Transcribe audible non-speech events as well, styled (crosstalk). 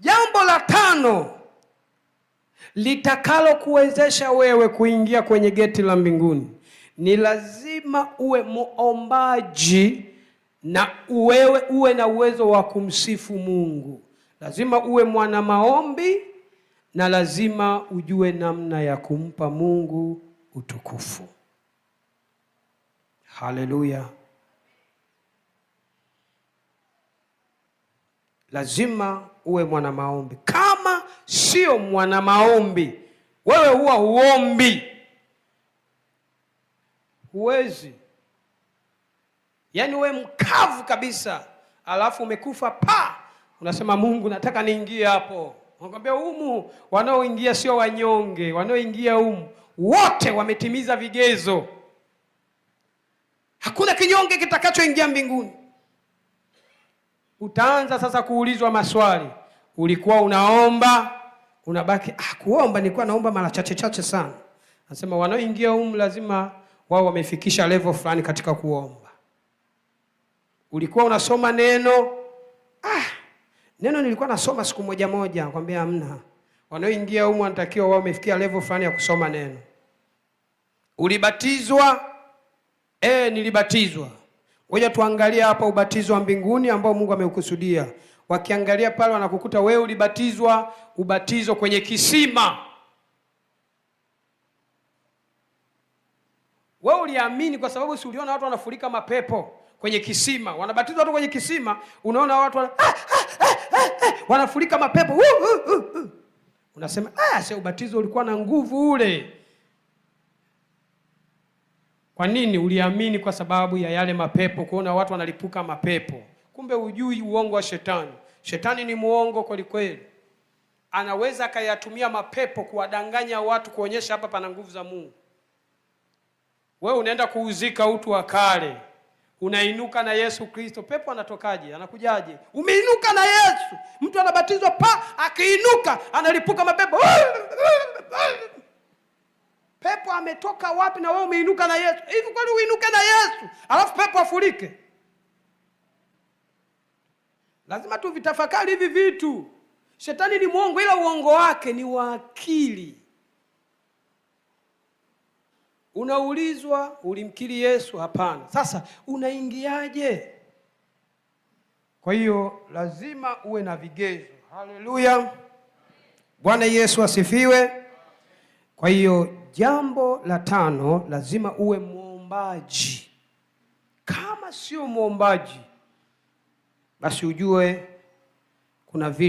Jambo la tano litakalokuwezesha wewe kuingia kwenye geti la mbinguni ni lazima uwe muombaji na uwewe, uwe na uwezo wa kumsifu Mungu. Lazima uwe mwana maombi na lazima ujue namna ya kumpa Mungu utukufu. Haleluya! lazima uwe mwana maombi. Kama sio mwana maombi, wewe huwa huombi, huwezi. Yaani wewe mkavu kabisa, alafu umekufa pa, unasema Mungu, nataka niingie hapo. Nakwambia humu wanaoingia sio wanyonge, wanaoingia humu wote wametimiza vigezo. Hakuna kinyonge kitakachoingia mbinguni utaanza sasa kuulizwa maswali. Ulikuwa unaomba unabaki ah, kuomba nilikuwa naomba mara chache chache sana. Anasema wanaoingia humu lazima wao wamefikisha level fulani katika kuomba. Ulikuwa unasoma neno ah, neno nilikuwa nasoma siku moja moja, kwambia hamna. Wanaoingia humu wanatakiwa wao wamefikia level fulani ya kusoma neno. Ulibatizwa eh, nilibatizwa Ngoja tuangalie hapa ubatizo wa mbinguni ambao Mungu ameukusudia. Wakiangalia pale wanakukuta wewe ulibatizwa ubatizo kwenye kisima. Wewe uliamini kwa sababu si uliona watu wanafurika mapepo kwenye kisima. Wanabatizwa watu kwenye kisima, unaona watu wana... ah, ah, ah, ah, ah, wanafurika mapepo. Uh, uh, uh, uh. Unasema ah, sio ubatizo ulikuwa na nguvu ule. Kwa nini? Uliamini kwa sababu ya yale mapepo, kuona watu wanalipuka mapepo, kumbe ujui uongo wa shetani. Shetani ni muongo kweli kweli, anaweza akayatumia mapepo kuwadanganya watu, kuonyesha hapa pana nguvu za Mungu. Wewe unaenda kuuzika utu wa kale, unainuka na Yesu Kristo, pepo anatokaje? Anakujaje? Umeinuka na Yesu. Mtu anabatizwa pa, akiinuka analipuka mapepo (laughs) pepo ametoka wapi na wewe umeinuka na Yesu? Hivi kwani uinuke na Yesu alafu pepo afurike? Lazima tuvitafakari hivi vitu. Shetani ni mwongo, ila uongo wake ni wa akili. Unaulizwa ulimkiri Yesu? Hapana. Sasa unaingiaje? Kwa hiyo lazima uwe na vigezo. Haleluya, Bwana Yesu asifiwe. Kwa hiyo jambo la tano, lazima uwe mwombaji. Kama sio mwombaji, basi ujue kuna vitu